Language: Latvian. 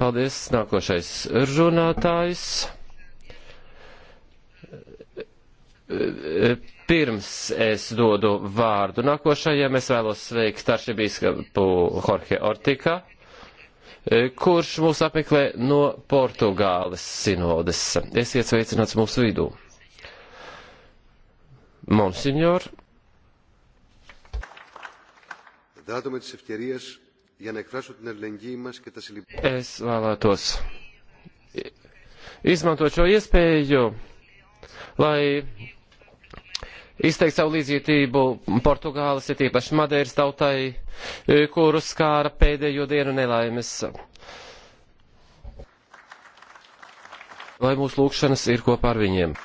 Paldies, nākošais runātājs. Pirms es dodu vārdu nākošajiem, es vēlos sveikt aršibīskapu Jorge Ortika, kurš mūs apmeklē no Portugāles sinodes. Esiet sveicināts mūsu vidū. Monsignor. Dātuma tas ir Es vēlētos izmantot šo iespēju, lai izteikt savu līdzjūtību Portugāles, ir ja tīpaši Madeiras tautai, kuru skāra pēdējo dienu nelaimes. Lai mūsu lūkšanas ir kopā ar viņiem.